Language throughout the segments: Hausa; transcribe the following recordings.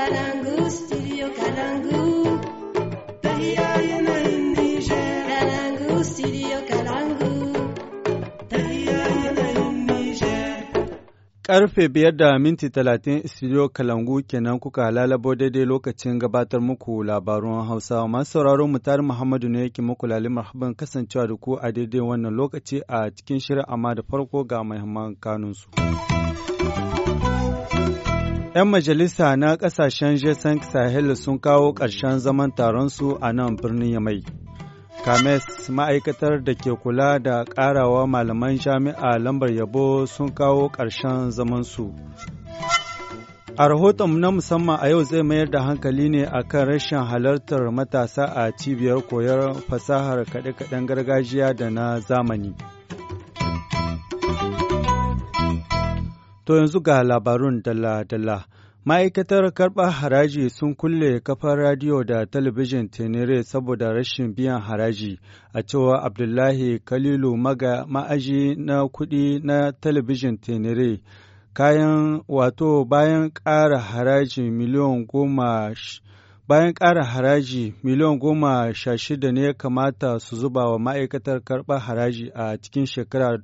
Kalangu, Karfe biyar da minti talatin studio Kalangu kenan kuka lalabo daidai lokacin gabatar muku labarun Hausa. Masu sauraro mutar Muhammadu ne yake muku lalimar haɓin kasancewa da ku a daidai wannan lokaci a cikin shirin amma da farko ga mahimman kanunsu. 'Yan majalisa na ƙasashen Jason Sahel sun kawo ƙarshen zaman taron su a nan birnin Yamai. Kames ma'aikatar da ke kula da ƙarawa malaman jami'a lambar yabo sun kawo ƙarshen su. A rahoton na musamman a yau zai mayar da hankali ne a kan rashin halartar matasa a cibiyar koyar fasahar kaɗe-kaɗen gargajiya da na zamani. To yanzu ga labarun dalla-dalla. Ma'aikatar karɓar haraji sun kulle kafar radiyo da talabijin tenere saboda rashin biyan haraji, a cewa Abdullahi Kalilu maga ma'aji na kuɗi na talabijin tenere. Kayan wato bayan ƙara haraji miliyan goma bayan ƙara haraji miliyan goma sha shida ne kamata su zuba wa ma'aikatar karɓar haraji a cikin shekara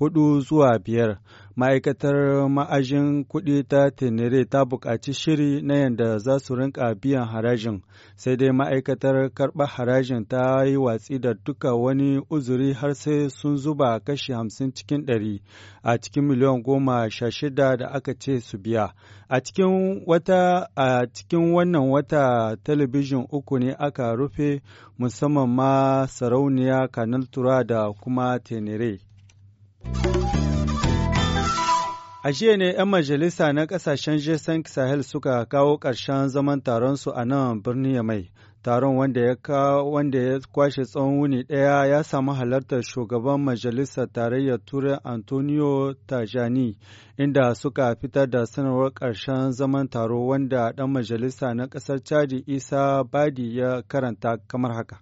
hudu zuwa biyar. Ma'aikatar ma'ajin kuɗi ta Tenere ta buƙaci shiri na yadda za su rinka biyan harajin, sai dai ma'aikatar karɓar harajin ta yi watsi da duka wani uzuri har sai sun zuba kashi hamsin cikin ɗari a cikin miliyan goma sha shida da aka ce su biya. A cikin wata a cikin wannan wata talabijin uku ne aka rufe musamman ma sarauniya Kanal Tura da kuma Tenere. A jiya ne 'yan majalisa na kasashen g Sahel suka kawo ƙarshen zaman taron su a nan birnin Yamai. Taron wanda ya wanda ya kwashe tsawon wuni ɗaya ya samu halartar shugaban majalisar tarayyar Turai Antonio Tajani, inda suka fitar da sanarwar ƙarshen zaman taro wanda ɗan majalisa na ƙasar Chadi Isa Badi ya karanta kamar haka.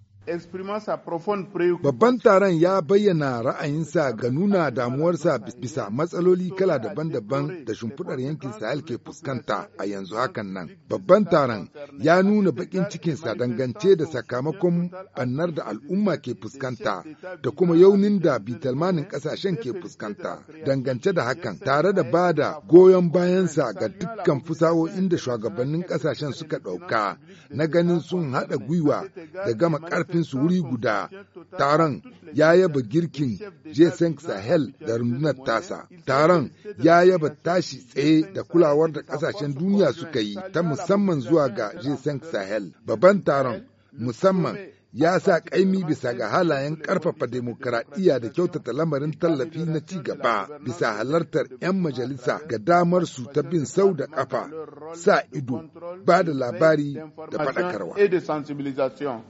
Babban taron ya bayyana ra'ayinsa ga nuna damuwarsa bisa matsaloli kala daban-daban da shimfiɗar yankin Sahel ke fuskanta a yanzu hakan nan. Babban taron ya nuna baƙin cikinsa dangance da sakamakon fannar da al'umma ke fuskanta da kuma yaunin da bitalmanin ƙasashen ke fuskanta. Dangance da hakan tare da ba da goyon bayansa ga dukkan fusawo'in da shugabannin ƙasashen suka ɗauka na ganin sun haɗa gwiwa da gama ƙarfin su wuri guda taron ya yaba girkin jason sahel da rundunar tasa taron ya yaba tashi tsaye da kulawar da kasashen duniya suka yi ta musamman zuwa ga jason sahel babban taron musamman ya sa ƙaimi bisa ga halayen ƙarfafa demokaradiyya da kyautata lamarin tallafi na ci gaba bisa halartar 'yan majalisa ga damar su ta bin sau da ƙafa sa ido ba da labari da faɗakarwa.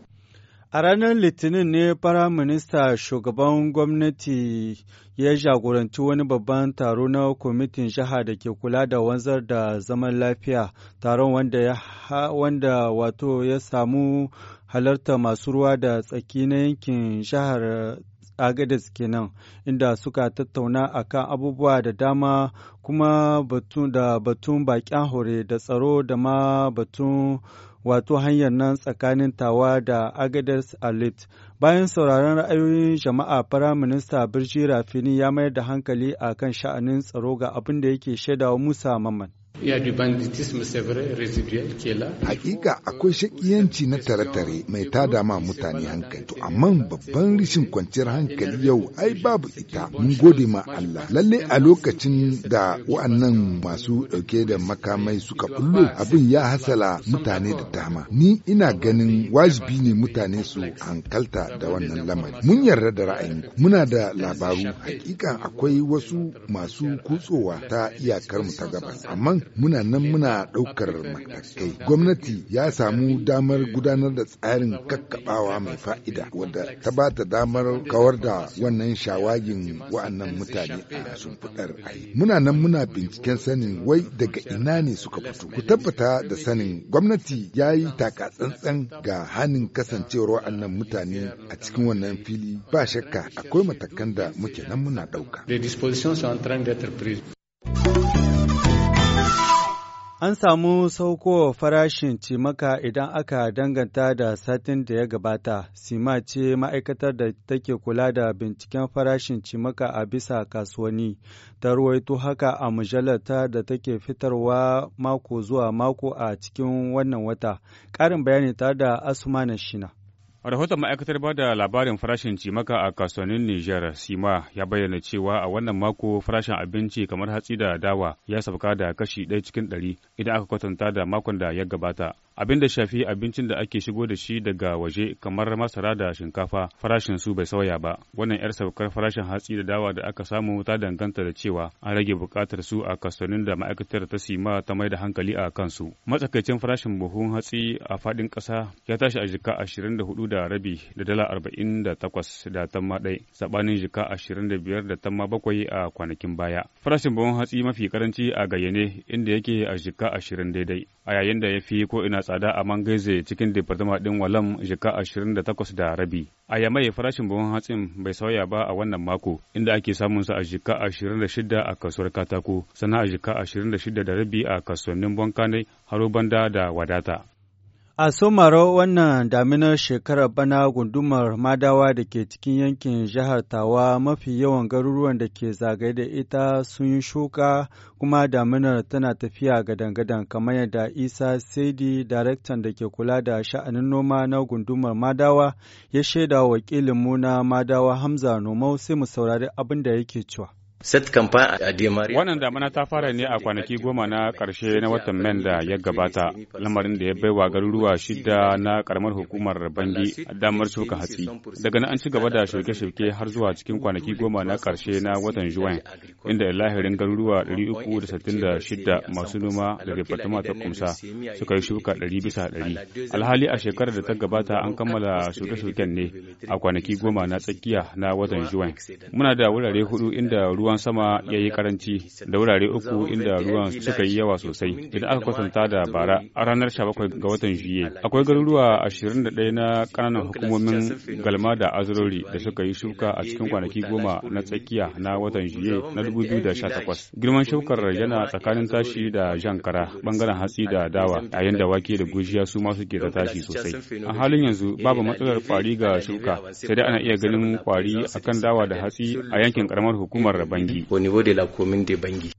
A ranar Litinin ne Firaminista shugaban gwamnati ya jagoranci wani babban taro na kwamitin jiha da ke kula da wanzar da zaman lafiya, taron wanda, wato ya samu halarta masu ruwa da tsaki na yankin jihar Agadez kenan inda suka tattauna akan abubuwa da dama kuma batun da batun bakin hore da tsaro da ma batun wato hanyar nan tsakanin tawa da a alit bayan sauraron ra'ayoyin jama'a firaminista birji rafini ya mayar da hankali a kan sha'anin tsaro ga abin da yake shaidawa musa maman Hakika akwai shakiyanci na tare-tare mai tada ma mutane hankali. To amma babban rishin kwanciyar hankali yau ai babu ita. Mun gode ma Allah. Lalle a lokacin da wa'annan masu dauke da makamai suka bullo abin ya hasala mutane da dama. Ni ina ganin wajibi ne mutane su hankalta da wannan lamari. Mun yarda da ra'ayin muna da labaru hakika akwai wasu masu kutsowa ta iyakar mu ta gabas. Amma muna nan muna ɗaukar matakai. Gwamnati ya samu damar gudanar da tsarin kakkaɓawa mai fa'ida wadda ta ba ta damar kawar da wannan shawagin wa'annan mutane a shimfiɗar ayi. Muna nan muna binciken sanin wai daga ina ne suka fito. Ku tabbata da sanin gwamnati ya yi takatsantsan ga hannun kasancewar wa'annan mutane a cikin wannan fili ba shakka akwai matakan da muke nan muna ɗauka. An samu saukowa farashin cimaka idan aka danganta da satin da ya gabata, sima ce ma'aikatar da take kula da binciken farashin cimaka a bisa kasuwanni, ta ruwaito haka a ta da take fitarwa mako zuwa mako a cikin wannan wata. Ƙarin bayani ta da Asuma Shina. A rahoton ma'aikatar ba da labarin farashin cimaka a kasuwannin Nijar Sima ya bayyana cewa a wannan mako farashin abinci kamar hatsi da dawa ya sauka da kashi ɗaya cikin ɗari idan aka kwatanta da makon da ya gabata. abin da shafi abincin da ake shigo da shi daga waje kamar masara da shinkafa farashin su bai sauya ba wannan yar saukar farashin hatsi da dawa da aka samu ta danganta da cewa an rage bukatar su a kasuwannin da ma'aikatar ta sima ta mai da hankali a kansu matsakaicin farashin buhun hatsi a faɗin ƙasa ya tashi a jika ashirin da rabi da dala arba'in da da tamma dai sabanin jika ashirin da tamma bakwai a kwanakin baya farashin buhun hatsi mafi karanci a gayyane inda yake a jika ashirin daidai a yayin da ya fi ko ina tsada a mangaize cikin departama ɗin walam jika ashirin da takwas da rabi. A yamai farashin buhun hatsin bai sauya ba a wannan mako inda ake samun sa a jika ashirin da shida a kasuwar katako sana a jika ashirin da shida da rabi a kasuwannin bankanai haro banda da wadata. A somaro wannan daminar shekarar bana gundumar Madawa da ke cikin yankin jihar Tawa mafi yawan garuruwan da ke zagaye da ita sun yi shuka kuma daminar tana tafiya gadan-gadan kamar yadda Isa Saidi daraktan da ke kula da sha'anin noma na gundumar Madawa ya shaida wakilinmu na Madawa Hamza Nomau sai mu saurari abin da yake cewa. Wannan damana ta fara ne a kwanaki goma na ƙarshe na watan man da ya gabata, lamarin da ya bai wa garuruwa shida na ƙaramar hukumar Bangi damar shuka hatsi. Daga nan an ci gaba da shuke-shuke har zuwa cikin kwanaki goma na ƙarshe na watan Juwan, inda lahirin garuruwa 366 masu noma daga fatima ta kumsa suka yi shuka 100 bisa 100. Alhali a shekarar da ta gabata an kammala shuke-shuken ne a kwanaki goma na tsakiya na watan Juwan. Muna da wurare hudu inda ruwa ruwan sama ya yi karanci da wurare uku inda ruwan suka yi yawa sosai idan aka kwatanta da bara a ranar 17 ga watan juye akwai garuruwa 21 na kananan hukumomin galma da azurori da suka yi shuka a cikin kwanaki goma na tsakiya na watan juye na 2018 girman shaukar yana tsakanin tashi da jankara bangaren hatsi da dawa yayin da wake da gujiya su ma suke da tashi sosai a halin yanzu babu matsalar kwari ga shuka sai dai ana iya ganin kwari akan dawa da hatsi a yankin karamar hukumar rabani Bangi, au niveau de la commune de Bangi.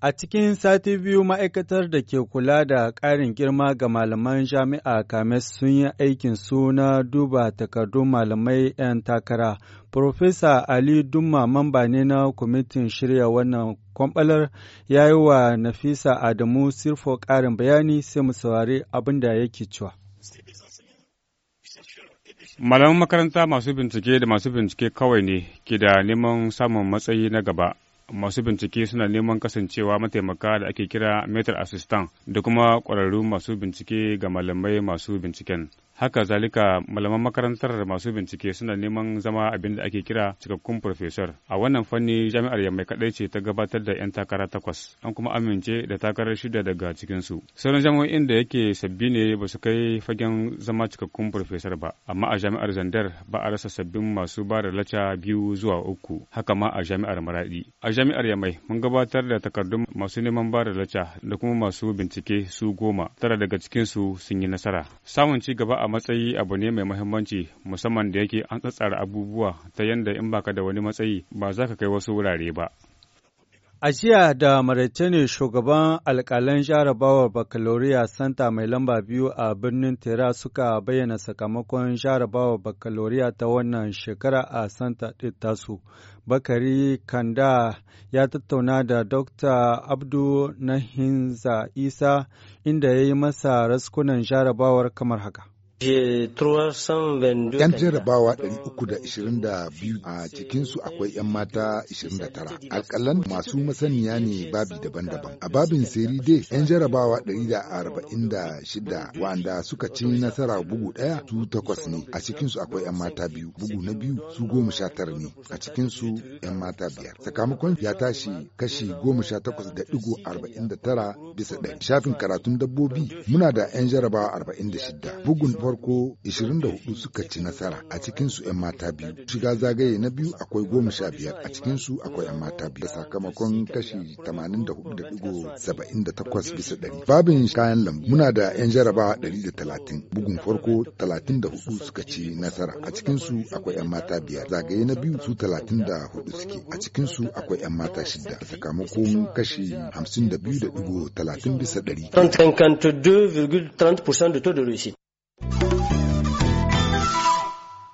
A cikin sati biyu ma'aikatar da ke kula da ƙarin girma ga malaman jami'a kames sun yi aikin suna duba takardun malamai 'yan takara. Profesa Ali Dumma mamba ne na kwamitin shirya wannan kwamɓalar ya yi wa Nafisa Adamu Sirfo ƙarin bayani sai mu saurari abin da yake cewa. Malaman makaranta masu bincike da masu bincike kawai ne ke da neman samun matsayi na gaba. Masu bincike suna neman kasancewa mataimaka da ake kira metar assistant da kuma ƙwararru masu bincike ga malamai masu binciken. haka zalika malaman makarantar masu bincike suna neman zama abin da ake kira cikakkun profesor a wannan fanni jami'ar yammai kadai ce ta gabatar da 'yan takara takwas an kuma amince da takarar shida daga cikinsu sauran jami'o'in da yake sabbi ne ba su kai fagen zama cikakkun profesor ba amma a jami'ar zandar ba a rasa sabbin masu ba da lacca biyu zuwa uku haka ma a jami'ar maradi a jami'ar yammai mun gabatar da takardun masu neman ba da lacca da kuma masu bincike su goma tara daga cikinsu sun yi nasara samun ci gaba a matsayi abu ne mai mahimmanci musamman da yake an tsatsara abubuwa ta yadda in baka da wani matsayi ba za ka kai wasu wurare ba. A jiya da Mauritania shugaban alkalan jarabawa baccalaureate Santa mai lamba biyu a birnin Tera suka bayyana sakamakon jarabawar baccalaureate ta wannan shekara a Santa ɗin tasu. Bakari Kanda ya tattauna da Dr. Abdu Nahinza Isa inda ya yi masa raskunan jarabawar kamar haka. 'Yan jarabawa 322 a cikinsu akwai 'yan mata 29. Alƙalan masu masaniya ne babi daban-daban. A babin Seride, 'yan jarabawa 146 wanda suka ci nasara bugu ɗaya su takwas ne. A cikinsu akwai 'yan mata biyu. Bugu na biyu su goma sha tara ne. A cikinsu 'yan mata biyar. Sakamakon ya tashi kashi goma sha takwas da digo arba'in da tara bisa ɗaya. Shafin karatun dabbobi muna da 'yan jarabawa arba'in da shidda. Bugun farko 24 suka ci nasara a cikinsu 'yan mata biyu. Shiga zagaye na biyu akwai goma sha biyar a cikinsu akwai 'yan mata biyu. Sakamakon kashi 84.78 bisa ɗari. Babin kayan lambu muna da 'yan jarabawa 130 bugun farko 34 suka ci nasara a cikinsu akwai 'yan mata biyar. Zagaye na biyu su 34 suke a cikinsu akwai 'yan mata shida. Sakamakon kashi 52.30 bisa ɗari. 32,30% de taux de réussite.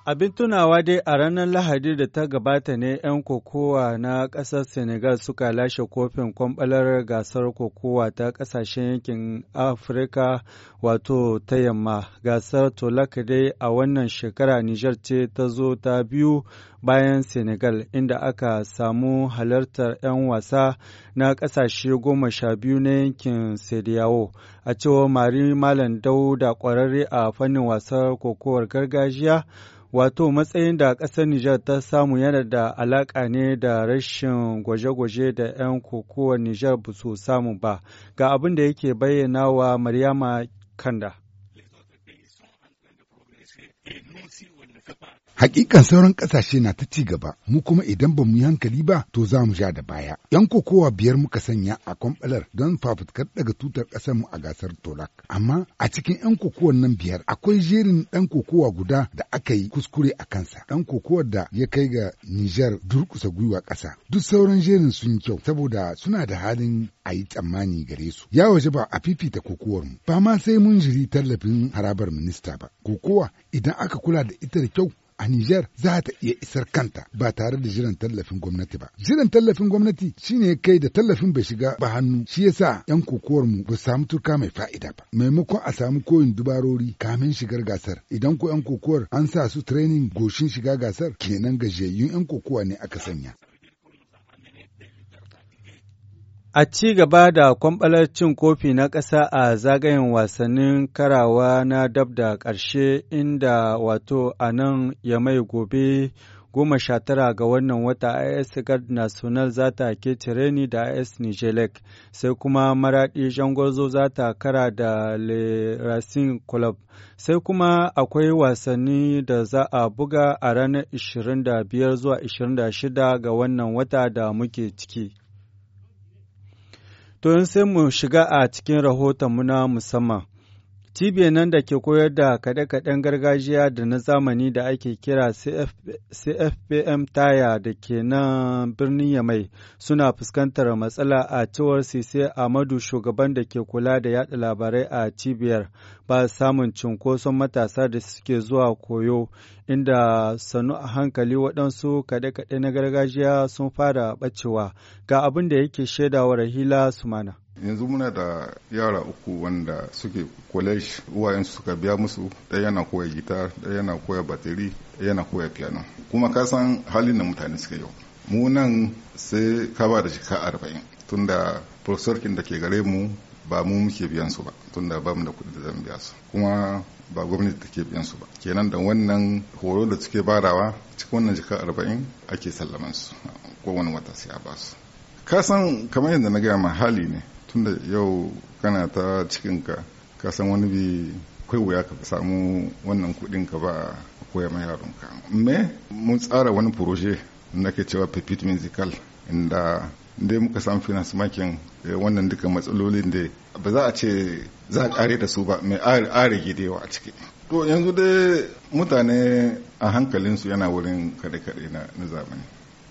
Abin tunawa dai a ranar Lahadi da ta gabata ne 'yan kokowa na ƙasar Senegal suka lashe kofin kwamɓalar gasar kokowa ta ƙasashen yankin Afirka wato ta yamma. Gasar tolaka dai a wannan shekara Nijar ce ta zo ta biyu bayan Senegal inda aka samu halartar 'yan wasa na ƙasashe goma sha biyu na yankin Sediyawo. A cewar Mari Malam Dauda ƙwararre a fannin wasar kokowar gargajiya wato matsayin da ƙasar Nijar ta samu yana da alaƙa ne da rashin gwaje-gwaje da 'yan kokowar Nijar ba su samu ba, ga abin da yake bayyana wa Maryama Kanda. Hakikan sauran ƙasashe na ta ci gaba, mu kuma idan ba mu yi hankali ba to za mu ja da baya. ‘Yan kokowa biyar muka sanya a kwamfalar don fafutkar daga tutar ƙasar mu a gasar Tolak. Amma a cikin ‘yan kokowar nan biyar akwai jerin ɗan kokowa guda da aka yi kuskure a kansa. Ɗan kokowar da ya kai ga Nijar durkusa gwiwa ƙasa. Duk sauran jerin sun kyau saboda suna da halin a yi tsammani gare su. Ya waje ba a fifita kokowar mu. Ba ma sai mun jiri tallafin harabar minista ba. Kokowa idan aka kula da ita da kyau a Nijar za ta iya isar kanta ba tare da jiran tallafin gwamnati ba. Jiran tallafin gwamnati shine kai da tallafin bai shiga ba hannu shi yasa 'yan kokowar mu ba samu turka mai fa'ida ba. Maimakon a samu koyin dubarori kamin shigar gasar idan ko 'yan kokowar an sa su training goshin shiga gasar kenan gajiyayyun 'yan kokowa ne aka sanya. A ci gaba da kwamɓalar cin kofi na ƙasa a zagayen wasannin karawa na dab da ƙarshe inda wato a nan ya mai gobe goma sha tara ga wannan wata IS Guard National za ta ke Tireni da IS Nijelek sai kuma Maraɗi Jangozo za ta kara da Le Racing Club sai kuma akwai wasanni da za a buga a ranar 25 zuwa 26 ga wannan wata da muke ciki. To sai mu shiga a cikin rahoton mu na musamman. Cibiyar nan da ke koyar da kaɗe-kaɗen gargajiya da na zamani da ake kira CFPM Taya da ke nan birnin Yamai suna fuskantar matsala a cewar Sise Amadu shugaban da ke kula da yada labarai a cibiyar ba samun cunkoson matasa da suke zuwa koyo inda sanu a hankali waɗansu kaɗe-kaɗe na gargajiya sun fara ɓacewa ga abin da yake shaidawa Rahila Sumana. yanzu muna da yara uku wanda suke college uwayensu suka biya musu ɗaya yana koya gita ɗaya yana koya bateri ɗaya yana koya piano kuma ka san halin da mutane suke yau mu nan sai ka ba da shika arba'in tunda profesorkin da ke gare mu ba mu muke biyan su ba tunda ba mu da kuɗi da zan biya su kuma ba gwamnati take biyan su ba kenan da wannan horo da suke barawa cikin wannan jika arba'in ake sallaman su kowane wata sai a ba su ka san kamar yadda na gaya ma hali ne tun da yau kana ta cikin ka san wani bi kai wuya ka samu wannan kuɗin ka ba koya ma yaronka me mun tsara wani proje na ke cewa pepit musical inda dai muka samu finance makin wannan duka matsalolin da ba za a ce za a kare da su ba mai are gidewa a ciki to yanzu dai mutane a hankalinsu yana wurin kade-kade na zamani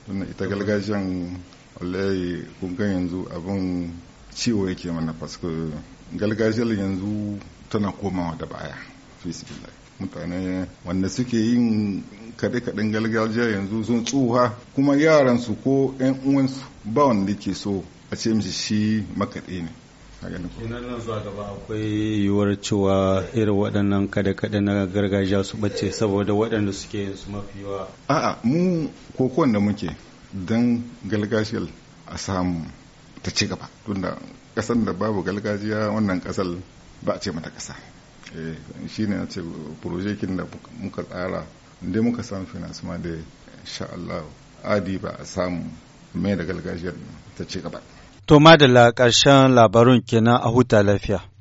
tunda ita gargajiyan wallahi kun yanzu abin ciwo yake mana fasko galgajiyar yanzu tana komawa da baya mutane wanda suke yin kaɗe-kaɗen galgajiyar yanzu sun tsuha kuma yaransu ko 'yan uwansu ba wanda ke so a ce mishi shi makaɗe ne kenan nan zuwa gaba akwai yiwuwar cewa irin waɗannan kada-kada na gargajiya su ɓace saboda waɗanda suke yin su mafi yawa a'a mu kokon da muke don galgashiyar a samu ta ci gaba tunda kasan da babu galgajiya wannan kasar ba a ce mata kasa eh, shi ne na ce projekin da muka tsara inda muka samu ma da sha Allah adi ba a samu mai da galgajiyar ta ci gaba. To madalla ƙarshen labarun kenan a huta lafiya.